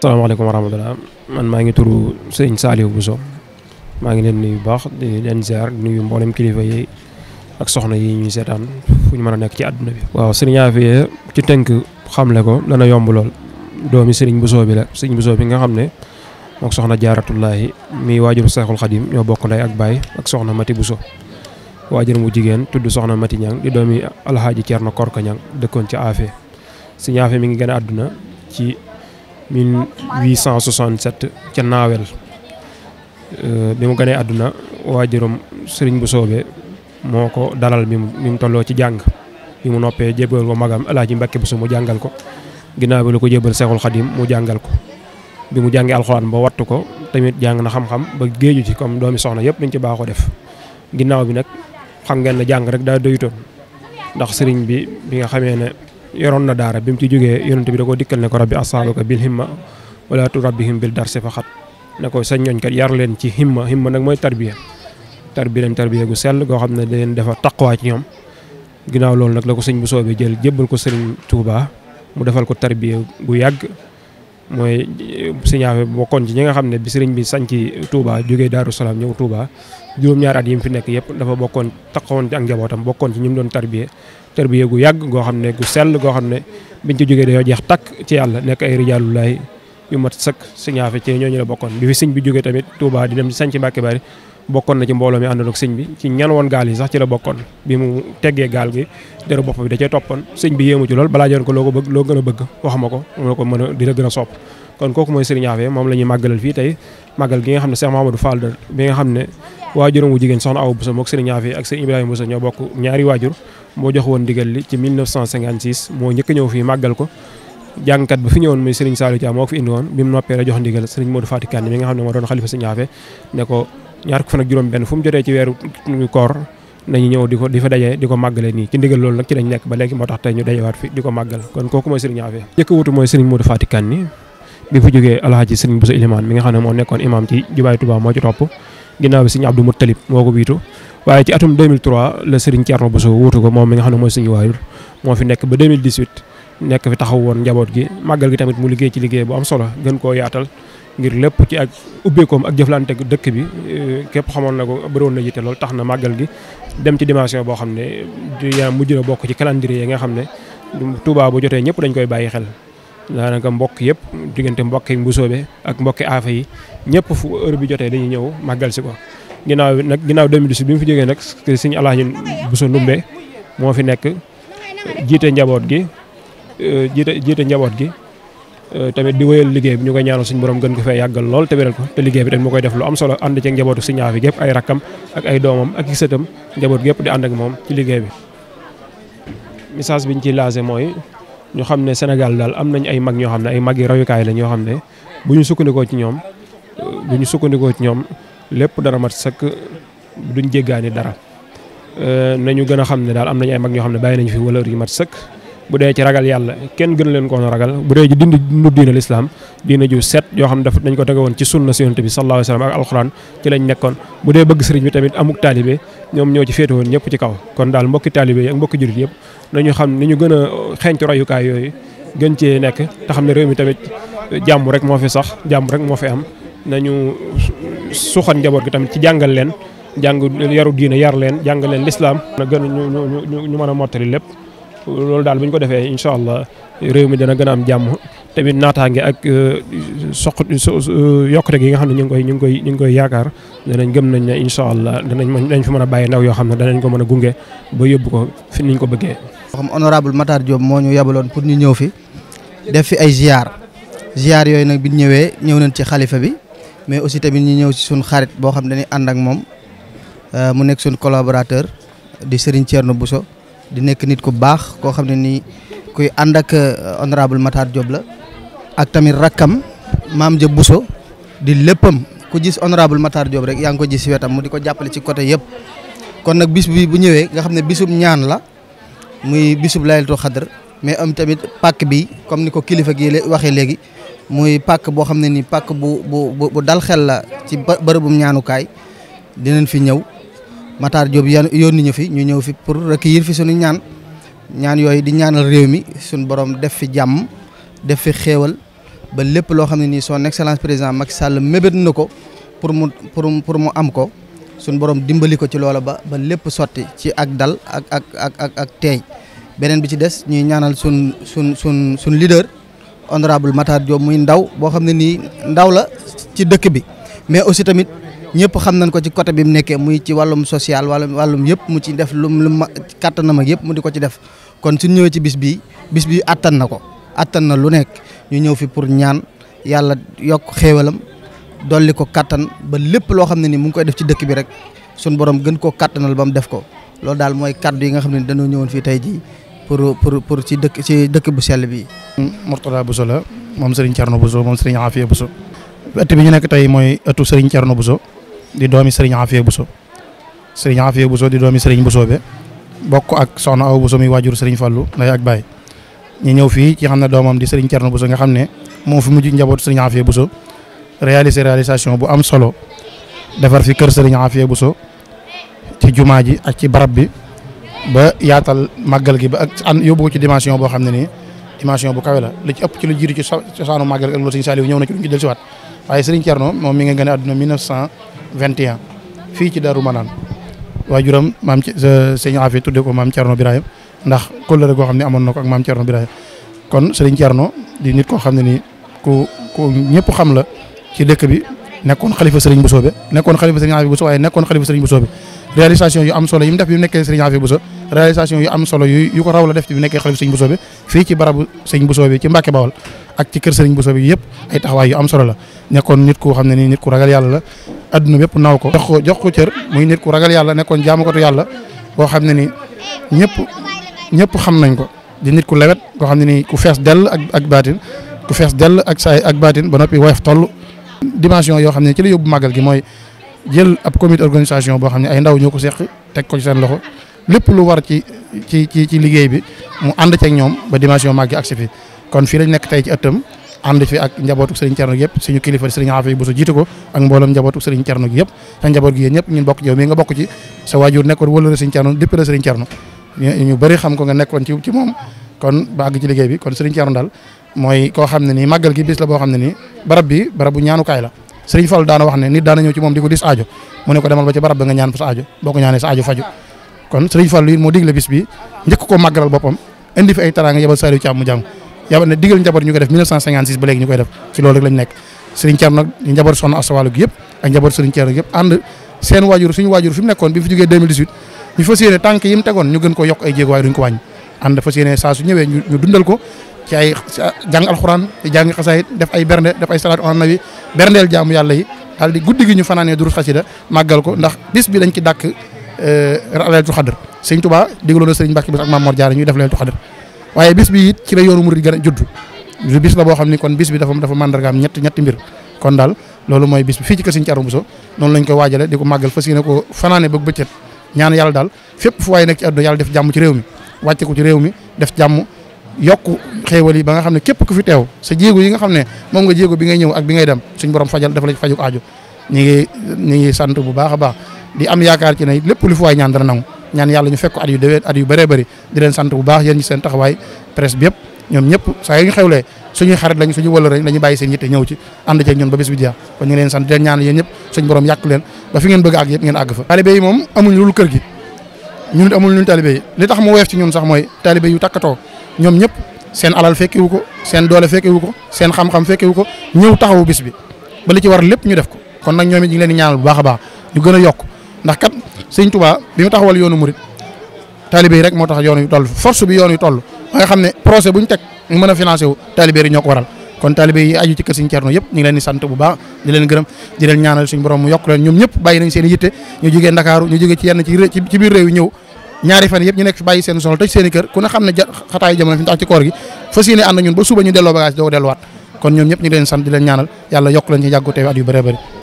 salaamaaleykum wa rahmatulah man maa ngi turu sëñ bu so maa ngi leen nuyu bu baax di leen ziar nuyu mboolem kilifa yi ak soxna yi ñuy seetaan fu mën a nekk ci àdduna bi. waaw sëriñ Afia ci tënk xamle ko dana yomb lool doomi sëriñ bu Bousso bi la sëriñ Bousso bi nga xam ne mook soxna jaaratullaahi mi waajur Seexul Xadim ñoo bokk ndey ak baay ak soxna Mati bu Bousso waajur mu jigéen tudd soxna Mati Ñang di doomi Alxaaji na Korka Ñang dëkkoon ci Afia sëriñ mi ngi gën a àdduna ci. 1867 ca Naawel euh, bi mu gënee àdduna waa waajuram sëriñ bu soobee moo ko dalal bi mu bi mu tolloo ci jàng bi mu noppee jébbal ko magam Alaaji Mbàkke Buso mu jàngal ko ginnaaw bi la ko jébbal Seexul Xadim mu jàngal ko bi mu jàngee alxuraan ba wattu ko tamit jàng na xam-xam ba géeju ci comme doomi soxna yëpp dañ ci baaxoo def ginnaaw bi nag xam ngeen ne jàng rek daa doyutoon ndax sëriñ bi bi nga xamee ne yoroon na daara bi mu ci jógee yonent bi da koo dikkal ne ko rabbi asaabaka bil himma wala tu rabbihim bil darsi fa xat ne ko sa ñooñ kat yar leen ci himma himma nag mooy tarbiya tarbiya leen tarbiya gu sell goo xam ne da leen dafa taqwaa ci ñoom ginnaaw nag la ko sëñ bu soobee jël jébbal ko sëriñ Touba mu defal ko tarbiya gu yàgg mooy siñaafe bokkoon ci ñi nga xam ne bi sëriñ bi sañ ci Touba jógee Daaru Salaam ñëw Touba juróom-ñaari at mu fi nekk yëpp dafa bokkoon taxawoon ci ak njabootam bokkoon ci ñi mu doon tarbiya tarbiya gu yàgg goo xam ne gu sell goo xam ne biñ ci jógee dañoo jeex takk ci yàlla nekk ay rijaalullaahi yu mat sëkk siñaafe ci ñooñu la bokkoon bi fi sëñ bi jógee tamit Touba di dem sañ ci Mbàkke Bari bokkoon na ci mbooloo mi àndoon ak sëñ bi ci ñan woon gaal yi sax ci la bokkoon bi mu teggee gaal gi dara bopp bi da cee toppoon sëñ bi yéemu ci lool balaa joon ko loo ko bëgg loo gën a bëgg wax ma ko mu la ko mën a dina gën a sopp kon kooku mooy sëriñ Afe moom la xam ne Cheikh Mahamadou waajuram wu jigéen soxna Awa Bousso mook sëriñ Ñaafi ak sëriñ Ibrahima Bousso ñoo bokk ñaari waajur moo jox woon ndigal li ci 1956 moo njëkk ñëw fii màggal ko jàngkat bi fi ñëwoon muy sëriñ Saliou Dia moo ko ne moo ñëw di ko ko màggale nii nekk ba fi di mooy sëriñ Ñaafi moo nekkoon imam ci jubaay Touba moo ci topp ginnaaw bi sëñ Abdou Moutalib moo ko wiitu waaye ci atum 2003 la sëriñ Thierno Bousso wuutu ko moom mi nga xam ne mooy suñu waayur moo fi nekk ba 2018 nekk fi taxaw woon njaboot gi màggal gi tamit mu liggéey ci liggéey bu am solo gën koo yaatal ngir lépp ci ak ubbeekoom ak jëflante dëkk bi euh, képp xamoon na ko bëriwoon na yitte lool tax na màggal gi dem ci dimension boo xam ne yaa mujj na bokk ci calendrier yi nga xam ne Touba bu jotee ñëpp dañ koy bàyyi xel daanaka mbokk yëpp diggante mbokk yi mbusoobe ak mbokki aafa yi ñëpp fu heure bi jotee dañuy ñëw màggal si ko. ginnaaw nag ginnaaw 2018 bi mu fi jógee nag sëñ Alaaji Buso Ndumbe moo fi nekk jiite njaboot gi euh, jiite jiite njaboot gi euh, tamit di wéyal liggéey bi ñu koy ñaanal suñu borom gën ko fee yàggal lool te wéral liggéey bi tamit mu koy def lu am solo ànd ci njabootu sëñ Aafa gépp ay rakkam ak ay doomam ak i njaboot gépp di ànd ak moom ci liggéey bi message biñ ci lancé mooy ñu xam ne Sénégal daal am nañ ay mag ñoo xam ne ay mag rayukaay royukaay la ñoo xam ne bu ñu sukkandikoo ci ñoom bu ñu sukkandikoo ci ñoom lépp dara mat sëkk duñ jéggaani dara euh, nañu gën a xam ne daal am nañ ay mag ñoo xam ne bàyyi nañu fi valeur yi mat sëkk bu dee ci ragal yàlla kenn gën leen ko woon ragal bu dee ci dindi nu diina lislaam diina ju set yoo xam dafa dañ ko tege woon ci sunna si yonent bi sallallahu alayhi wa sallam ak alxuraan ci lañ nekkoon bu dee bëgg sëriñ bi tamit amuk taalibe ñoom ñoo ci féete woon ñëpp ci kaw kon daal mbokki taalibe yi ak mbokki jurit yëpp nañu xam ni ñu gën a xeeñ ci royukaay yooyu gën cee nekk te xam ne réew mi tamit jàmm rek moo fi sax jàmm rek moo fi am nañu suxan njaboot gi tamit ci jàngal leen jàng yaru diina yar leen jàng lislaam na gën ñu ñu ñu mën a mottali lépp loolu daal bu ñu ko defee incha allah réew mi dana gën a am jàmm tamit naataange ak euh, soq euh, yokkute gi nga xam ne ñu ngi koy ñu ngi koy ñu ngi koy yaakaar danañ gëm nañ ne incha allah danañ danañ fi mën a bàyyi ndaw yoo xam ne danañ ko mën a gunge boo yóbbu ko fi niñ ko bëggee. xam honorable Matar Diop moo ñu yabaloon pour ñu ñëw fi def fi ay ziar ziar yooyu nag bi ñu ñëwee ñëw nañ ci xalifa bi mais aussi tamit ñu ñëw ci suñu xarit boo xam ne dañuy ànd ak moom euh, mu nekk suñu collaborateur di Serigne Thierno Bousso di nekk nit ku baax koo xam ne nii kuy ànd ak euh, honorable Matar Diop la ak tamit rakkam maam ja Bousso di léppam ku gis honorable Matar Diop rek yaa ngi ko jis si wetam mu di ko jàppale ci côté yëpp kon nag bis bi bu ñëwee nga xam ne bisub ñaan la muy bisub laylatul xadr mais am tamit pàkk bi comme ni ko kilifa gi waxee léegi muy pàkk boo xam ne nii pàkk bu bu bu dal xel la ci bërëbum ñaanukaay dinañ fi ñëw Matar Diop yan yónni ñu fi ñu ñëw fi pour recueillir fi suñu ñaan ñaan yooyu di ñaanal réew mi suñu boroom def fi jàmm def fi xewal ba lépp loo xam ne nii son excellence président Macky Sall mébét na ko pour mu pour pour mu am ko suñu borom dimbali ko ci loola ba ba lépp sotti ci ak dal ak ak ak ak ak teey beneen bi ci des ñuy ñaanal suñ suñ suñ suñ leader honorable Matar Diop muy ndaw boo xam ne nii ndaw la ci dëkk bi mais aussi tamit ñëpp xam nañ ko ci côté bi mu nekkee muy ci wàllum social wàllum wàllum yëpp mu ci def lu mu kàttanam ak yëpp mu di ko ci def kon suñ ñëwee ci bis bi bis bi attan na ko attan na lu nekk ñu ñëw fi pour ñaan yàlla yokk xéewalam dolli ko kattan ba lépp loo xam ne ni mu ngi koy def ci dëkk bi rek suñ borom gën ko kattanal ba mu def ko loolu daal mooy kaddu yi nga xam ne dañoo ñëwoon fii tey jii pour pour pour ci dëkk ci dëkk bu sell bi. Mourtada Bousso la moom Serigne Thierno Bousso moom Serigne Afia Bousso ëtt bi ñu nekk tey di doomi sëriñ Afia Bousso sëriñ Afia Bousso di doomi sëriñ Bousso be bokk ak soxna Awa Bousso muy waajur sëriñ Fallou nday ak baay ñu ñëw fii ci xam ne doomam di sëriñ Thierno Bousso nga xam ne moo fi mujj njaboot sëriñ Afia Bousso réaliser réalisation bu am solo defar fi kër sëriñ Afia Bousso ci jumaa ji ak ci barab bi ba yaatal màggal gi ba ak an yóbbu ko ci dimension boo xam ne nii dimension bu kawe la li ci ëpp ci lu jiitu ci cosaanu màggal loolu sëriñ Saliou ñëw na ci duñ waaye sëriñ Thierno moom mi nga gën a àdduna 1900 21 fii ci Darou Manane waajuram maam sëñ Afi tudde ko maam Thierno Birahim ndax kóllëre goo xam ne amoon na ko ak maam Thierno Birahim kon sëriñ Thierno di nit koo xam ne nii ku ku ñëpp xam la ci dëkk bi nekkoon xalifa bi nekkoon xalifa sëriñ Afi Bousso waaye nekkoon xalifa sëriñ Bousso bi réalisation yu am solo yi mu def bi nekkee sëriñ Afi Bousso réalisation yu am solo yu yu ko raw la def ci bi nekkee xalifa sëñ Bousso fii ci barabu sëñ Bousso bi ci Mbàkke Bawol ak ci kër sëriñ Bousso bi yëpp ay taxawaay yu am solo la nekkoon nit ku xam ne nii nit ku ragal yàlla la adduna bépp naw ko jox ko jox ko cër nit ku ragal yàlla nekkoon jaamukatu yàlla boo xam ne ni ñëpp ñëpp xam nañ ko di nit ku lewet koo xam ne nii ku fees dell ak ak baatin ku fees dell ak saay ak baatin ba noppi woyof toll dimension yoo xam ne ci la yóbbu màggal gi mooy jël ab comité organisation boo xam ne ay ndaw ñoo ko seq teg ko seen loxo lépp lu war ci ci ci ci liggéey bi mu ànd ceeg ñoom ba dimension màgg ak si fi kon fii lañ nekk tey ci ëttam ànd fi ak njabootu sëriñ Thierno yëpp suñu kilifa sëriñ Afe bu su jiite ko ak mboolem njabootu sëriñ Thierno gi yëpp sa njaboot gi yéen ñëpp ñun bokk ci yow mii nga bokk ci sa waajur nekkoon wëlëre sëriñ Thierno dépp la sëriñ Thierno ñu bëri xam ko nga nekkoon ci ci moom kon ba àgg ci liggéey bi kon sëriñ Thierno daal mooy koo xam ne ni màggal gi bis la boo xam ne nii barab bi barabu ñaanukaay la sëriñ Fall daana wax ne nit daana ñëw ci moom di ko dis aajo kon Serigne Fallou yi moo digle bis bi njëkk ko màggalal boppam indi fi ay taraanga yabal Saliou Thiam mu seen waajur suñu nekkoon bi mu fi jógee 2018 ñu fas yéene tànk yi tegoon ñu gën ko yokk ay jéego waaye duñ ko wàññi ànd fas yéene saa ñëwee ñu dundal ko ci ay jàng alxuraan jàng xasaay def ay bernde def ay salaatu an nabi berndeel jaamu yàlla yi di guddi gi ñu fanaanee durus xasida màggal ko ndax bis bi dañ ci dàkk Euh, Laylatul Qadr sëñ Touba digaloon na sëriñ Mbacke bis ak Maam Mor Diarra ñuy def Laylatul Qadr waaye bis bi it ci la yoonu murid gën a judd bis la boo xam ni kon bis bi dafa dafa mandargaam ñett ñetti mbir kon daal loolu mooy bis bi fii ci kër sëñ Thierno Bousso noonu lañ koy waajale di ko màggal fas yéene ko fanaane ba bëccët ñaan yàlla daal fépp fu waaye nekk ci àdduna yàlla def jàmm ci réew mi wàcce ko ci réew mi def jàmm yokk xéewal yi ba nga xam ne képp ku fi teew sa jéego yi nga xam ne moom nga jéego bi ngay ñëw ak bi ngay dem suñ borom fajal dafa la faju aajo ñu ngi ñu ngi sant bu baax a baax di am yaakaar ci ne lépp lu fi waay ñaan dana nangu ñaan yàlla ñu fekk ko at yu déwén at yu bëree bëri di leen sant bu baax yéen seen taxawaay presse bi yëpp ñoom ñëpp saa yu ñu xewlee suñuy xarit lañ suñu wëlë rek dañu bàyyi seen yitte ñëw ci ànd ceeg ñun ba bés bi jeex kon ñu ngi leen sant di leen ñaan yéen ñëpp suñu borom yàq leen ba fi ngeen bëgg àgg yëpp ngeen àgg fa taalibé moom amuñ lu kër gi ñun it amuñ li tax mu weef ci ñun sax mooy taalibé yu takkatoo ñoom ñëpp seen alal fekkiwu ko seen doole fekkiwu ko seen xam-xam wu ko ñëw taxawu bis bi ba li ci war lépp ñu def ko kon nag ñoom it leen di ñaanal baax a baax ñu gën ndax kat sëñ Touba bi mu taxawal yoonu murit taalibe rek moo tax yoon yu force bi yoon yu toll ba nga xam ne projet bu ñu teg ñu mën a financé wu taalibe yi ñoo ko waral kon taalibe yi aju ñu ngi leen sant bu baax di leen gërëm di leen ñaanal suñu borom mu yokk leen ñoom ñëpp bàyyi seen ñu jógee Ndakaaru ñu jógee ci yenn ñu nekk fi seen soxla tëj seen kër ku ne xam ne xataayu jamono fi ñu tax ci koor gi fas yéene ànd ñun ba suba ñu delloo bagage doo delluwaat kon ñoom ñëpp ñu leen sant di leen yokk leen ci yàggu teew at yu